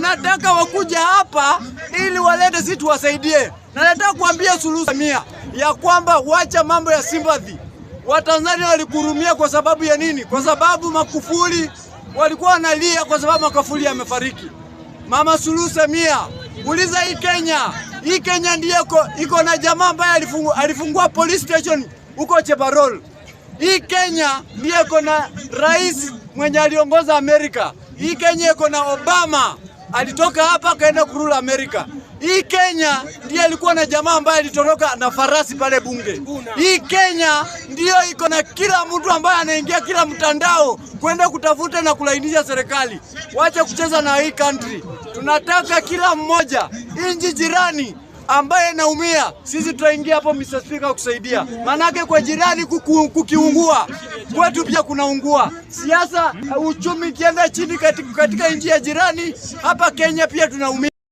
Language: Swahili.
Nataka wakuja hapa ili walete si tuwasaidie, na nataka kuambia Suluhu Samia ya kwamba wacha mambo ya sympathy. Watanzania walikurumia kwa sababu ya nini? Kwa sababu Makufuli walikuwa wanalia kwa sababu Makufuli amefariki. Mama Suluhu Samia, uliza hii Kenya, hii Kenya ndiye iko na jamaa ambaye alifungua, alifungua police station huko Chebarol. Hii Kenya ndiye iko na rais mwenye aliongoza Amerika. Hii Kenya iko na Obama alitoka hapa akaenda kurula Amerika. Hii Kenya ndiyo ilikuwa na jamaa ambaye alitoroka na farasi pale bunge. Hii Kenya ndiyo iko na kila mtu ambaye anaingia kila mtandao kwenda kutafuta na kulainisha serikali. Wacha kucheza na hii country. Tunataka kila mmoja nchi jirani ambaye naumia, sisi tutaingia hapo Mr. Speaker kusaidia, maanake kwa jirani kuku, kukiungua kwetu pia kunaungua. Siasa uchumi kienda chini katika, katika nchi ya jirani, hapa Kenya pia tunaumia.